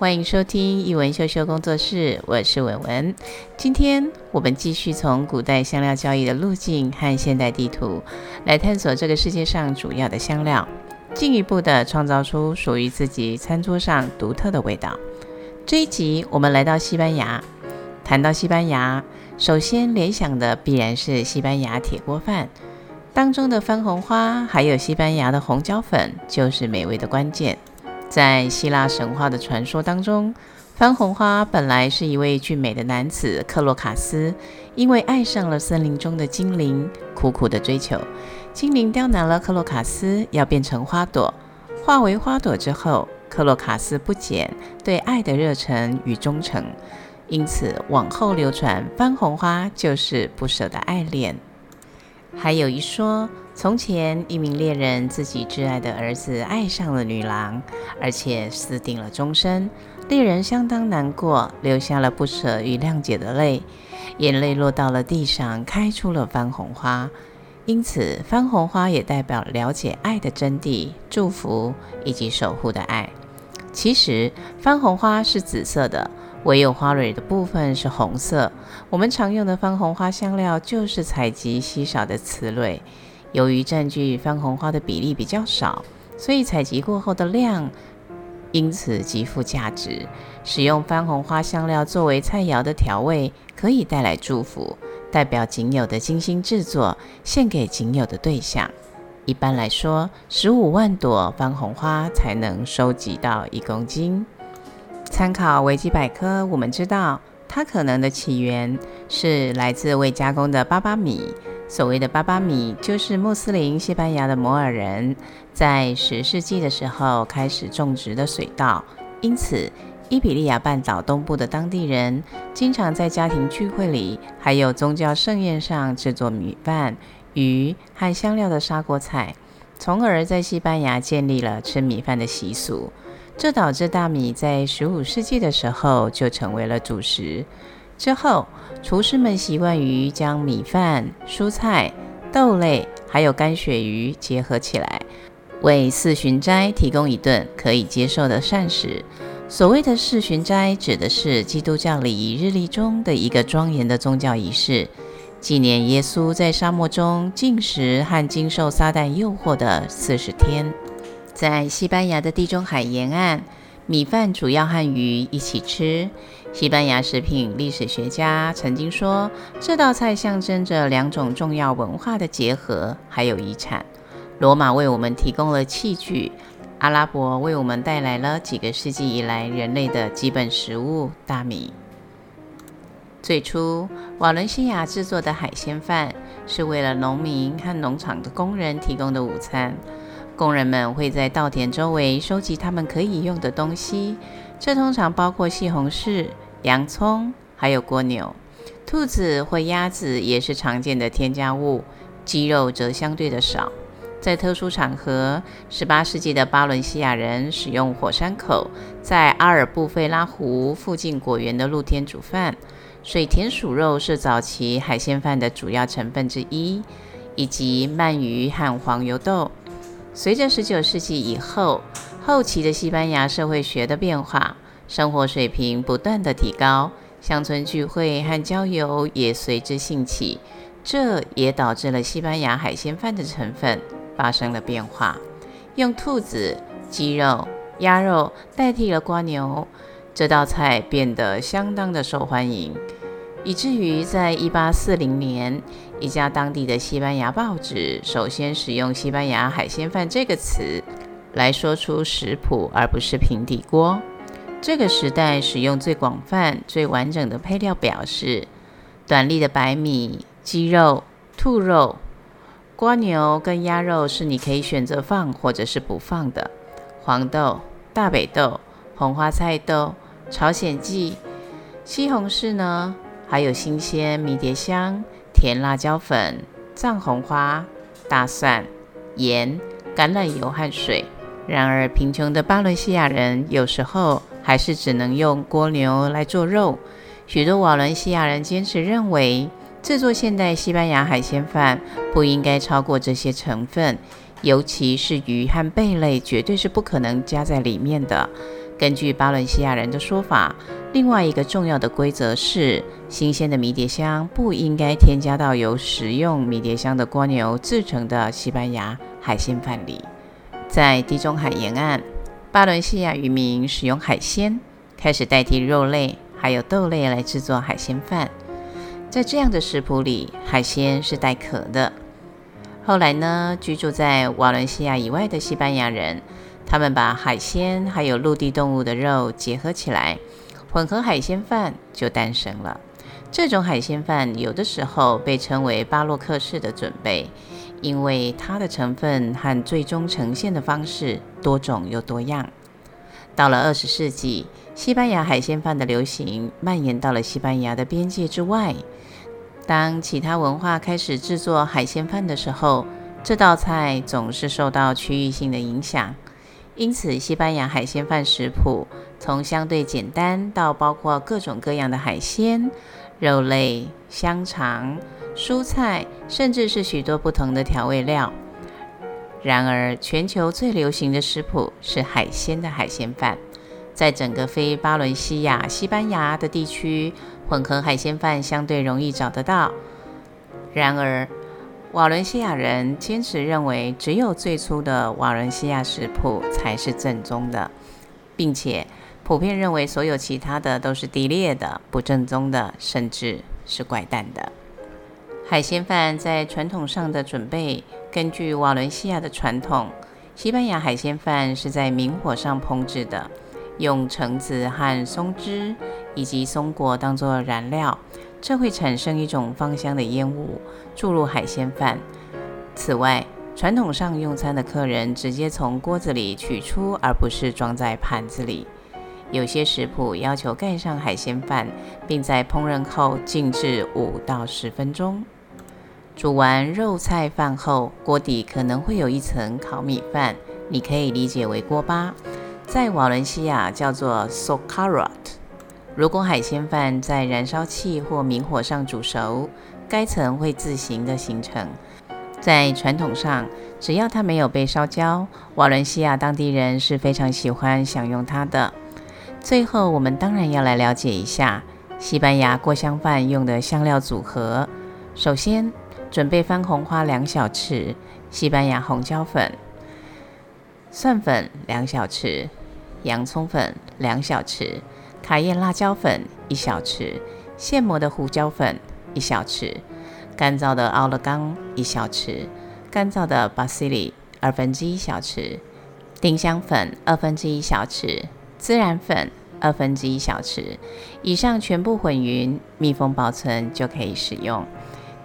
歡迎收聽藝文嗅嗅工作室，我是文文。今天我們繼續從古代香料交易的路徑和現代地圖來探索這個世界上主要的香料，進一步的創造出屬於自己餐桌上獨特的味道。這一集我們來到西班牙，談到西班牙，首先聯想的必然是西班牙鐵鍋飯，當中的番紅花還有西班牙的紅椒粉就是美味的關鍵。在希臘神話的傳說當中，番紅花本來是一位俊美的男子克洛卡斯，因為愛上了森林中的精靈，苦苦的追求。精靈刁難了克洛卡斯，要變成花朵。化為花朵之後，克洛卡斯不減對愛的熱忱與忠誠，因此往後流傳，番紅花就是不捨的愛戀。還有一說。從前，一名獵人自己摯愛的兒子愛上了女郎，而且私定了終身。獵人相當難過，流下了不舍與諒解的淚。眼淚落到了地上，開出了番紅花。因此，番紅花也代表了解愛的真諦、祝福以及守護的愛。其實，番紅花是紫色的，唯有花蕊的部分是紅色。我們常用的番紅花香料，就是採集稀少的雌蕊。由於佔據番紅花的比例比較少，所以採集過後的量因此極富價值。使用番紅花香料作為菜餚的調味，可以帶來祝福，代表僅有的精心製作，獻給僅有的對象。一般來說，十五萬朵番紅花才能收集到一公斤。參考維基百科，我們知道它可能的起源是來自未加工的巴巴米。所謂的巴巴米就是穆斯林西班牙的摩爾人在十世紀的時候開始種植的水稻，因此伊比利亞半島東部的當地人經常在家庭聚會裡，還有宗教盛宴上制作米飯、魚和香料的砂鍋菜，從而在西班牙建立了吃米飯的習俗。這導致大米在十五世紀的時候就成為了主食。之後，廚師們習慣於將米飯、蔬菜、豆類，還有乾鱈魚結合起來，為四旬齋提供一頓可以接受的膳食。所謂的四旬齋，指的是基督教禮儀日曆中的一個莊嚴的宗教儀式，紀念耶穌在沙漠中禁食和經受撒旦誘惑的四十天。在西班牙的地中海沿岸，米飯主要和魚一起吃。西班牙食品歷史學家曾經說，這道菜象徵着兩種重要文化的結合，還有遺產。羅馬為我們提供了器具，阿拉伯為我們帶來了幾個世紀以來人類的基本食物——大米。最初，瓦倫西亞製作的海鮮飯是為了農民和農場的工人提供的午餐。工人們會在稻田周圍收集他們可以用的東西，這通常包括西紅柿、洋蔥，還有蝸牛、兔子或鴨子也是常見的添加物。雞肉則相對的少。在特殊場合，18世紀的巴倫西亞人使用火山口，在阿爾布費拉湖附近果園的露天煮飯。水田鼠肉是早期海鮮飯的主要成分之一，以及鰻魚和黃油豆。隨着19世紀以後後期的西班牙社會學的變化，生活水平不斷的提高，鄉村聚會和郊遊也隨之興起，這也導致了西班牙海鮮飯的成分發生了變化，用兔子、雞肉、鴨肉代替了蝸牛，這道菜變得相當的受歡迎。以至於在1840年，一家當地的西班牙報紙首先使用“西班牙海鮮飯”這個詞來說出食譜，而不是平底鍋。這個時代使用最廣泛、最完整的配料表是：短粒的白米、雞肉、兔肉、蝸牛跟鴨肉是你可以選擇放或者是不放的；黃豆、大北豆、紅花菜豆、朝鮮薊、西紅柿呢，還有新鮮迷迭香、甜辣椒粉、藏紅花、大蒜、鹽、橄欖油和水。然而，貧窮的巴倫西亞人有時候還是只能用蝸牛來做肉。許多瓦倫西亞人堅持認為，制作現代西班牙海鮮飯不應該超過這些成分，尤其是魚和貝類，絕對是不可能加在裡面的。根據巴倫西亞人的說法，另外一個重要的規則是：新鮮的迷迭香不應該添加到由食用迷迭香的蝸牛制成的西班牙海鮮飯裡。在地中海沿岸，巴倫西亞漁民使用海鮮開始代替肉類，還有豆類來制作海鮮飯。在這樣的食譜裡，海鮮是帶殼的。後來呢，居住在瓦倫西亞以外的西班牙人。他們把海鮮還有陸地動物的肉結合起來，混合海鮮飯就誕生了。這種海鮮飯有的時候被稱為巴洛克式的準備，因為它的成分和最終呈現的方式多種又多樣。到了二十世紀，西班牙海鮮飯的流行蔓延到了西班牙的邊界之外。當其他文化開始制作海鮮飯的時候，這道菜總是受到區域性的影響。因此，西班牙海鮮飯食譜從相對簡單到包括各種各樣的海鮮、肉類、香腸、蔬菜，甚至是許多不同的調味料。然而，全球最流行的食譜是海鮮的海鮮飯。在整個非巴倫西亞、西班牙的地區，混合海鮮飯相對容易找得到。然而，瓦倫西亞人堅持認為，只有最初的瓦倫西亞食譜才是正宗的，並且普遍認為所有其他的都是低劣的、不正宗的，甚至是怪誕的。海鮮飯在傳統上的準備，根據瓦倫西亞的傳統，西班牙海鮮飯是在明火上烹製的，用橙子和松枝以及松果當作燃料。這會產生一種芳香的煙霧，注入海鮮飯。此外，傳統上用餐的客人直接從鍋子裡取出，而不是裝在盤子裡。有些食譜要求蓋上海鮮飯，並在烹飪後靜置五到十分鐘。煮完肉菜飯後，鍋底可能會有一層烤米飯，你可以理解為鍋巴，在瓦倫西亞叫做 s o c a r r o t 如果海鮮飯在燃燒器或明火上煮熟，該層會自行的形成。在傳統上，只要它沒有被燒焦，瓦倫西亞當地人是非常喜歡享用它的。最後，我們當然要來了解一下西班牙鍋香飯用的香料組合。首先，準備番紅花兩小匙，西班牙紅椒粉、蒜粉兩小匙、洋蔥粉兩小匙。海燕辣椒粉一小匙，現磨的胡椒粉一小匙，乾燥的奧勒岡一小匙，乾燥的巴西里二分之一小匙，丁香粉二分之一小匙，孜然粉二分之一小匙，以上全部混勻，密封保存就可以使用。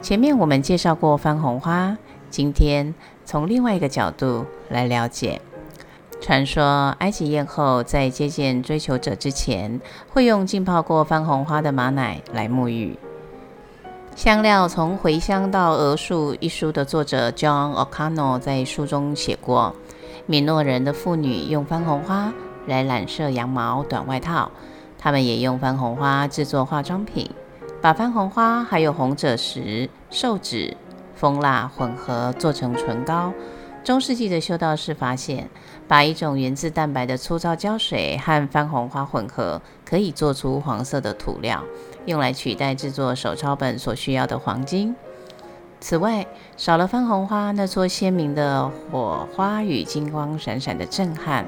前面我們介紹過番紅花，今天從另外一個角度來了解。傳說埃及艷後在接見追求者之前，會用浸泡過番紅花的馬奶來沐浴。香料從茴香到莪術一書的作者 John O'Connor 在書中寫過，米諾人的婦女用番紅花來染色羊毛短外套，他們也用番紅花製作化妝品，把番紅花還有紅赭石、獸脂、蜂蠟混合做成唇膏。中世紀的修道士發現，把一種源自蛋白的粗糙膠水和番紅花混合，可以做出黃色的塗料，用來取代制作手抄本所需要的黃金。此外，少了番紅花那座鮮明的火花與金光閃閃的震撼，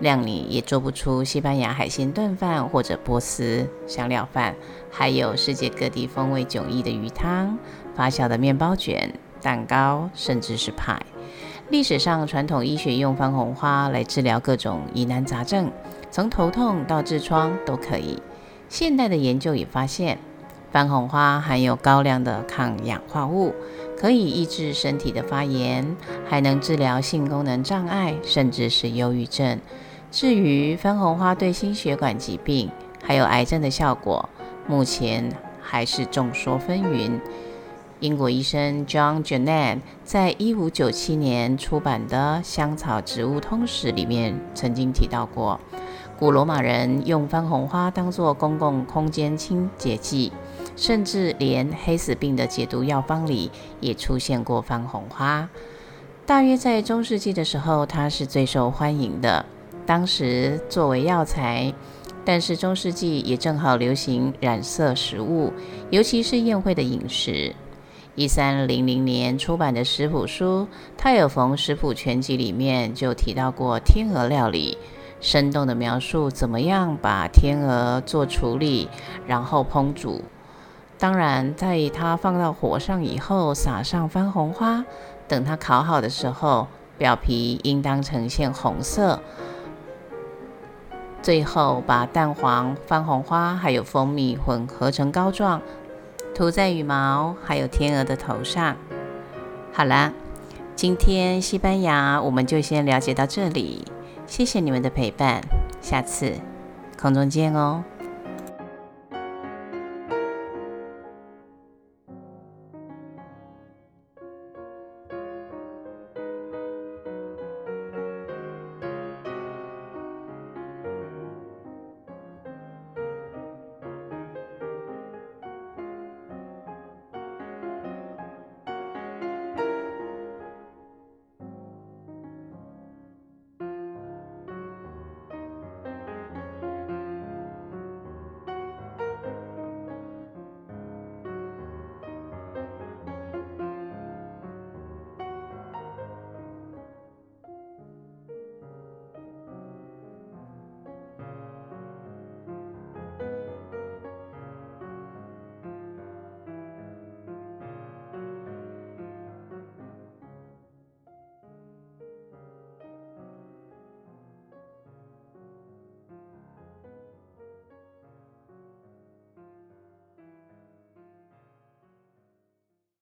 諒你也做不出西班牙海鮮燉飯或者波斯香料飯，還有世界各地風味迥異的魚湯、發酵的麵包卷、蛋糕，甚至是派。歷史上傳統醫學用番紅花來治療各種疑難雜症，從頭痛到痔瘡都可以。現代的研究也發現，番紅花含有高量的抗氧化物，可以抑制身體的發炎，還能治療性功能障礙，甚至是憂鬱症。至於番紅花對心血管疾病還有癌症的效果，目前還是眾說紛紜。英國醫生 John Gerard 在一五九七年出版的《香草植物通史》裡面曾經提到過，古羅馬人用番紅花當做公共空間清潔劑，甚至連黑死病的解毒藥方裡也出現過番紅花。大約在中世紀的時候，它是最受歡迎的，當時作為藥材。但是中世紀也正好流行染色食物，尤其是宴會的飲食。一三零零年出版的食譜書《泰爾馮食譜全集》裡面就提到過天鵝料理，生動的描述怎麼樣把天鵝做處理，然後烹煮。當然，在它放到火上以後，撒上番紅花，等它烤好的時候，表皮應當呈現紅色。最後，把蛋黃、番紅花還有蜂蜜混合成膏狀。塗在羽毛、還有天鵝的頭上。好啦，今天西班牙我們就先了解到這裡。謝謝你們的陪伴，下次空中見哦。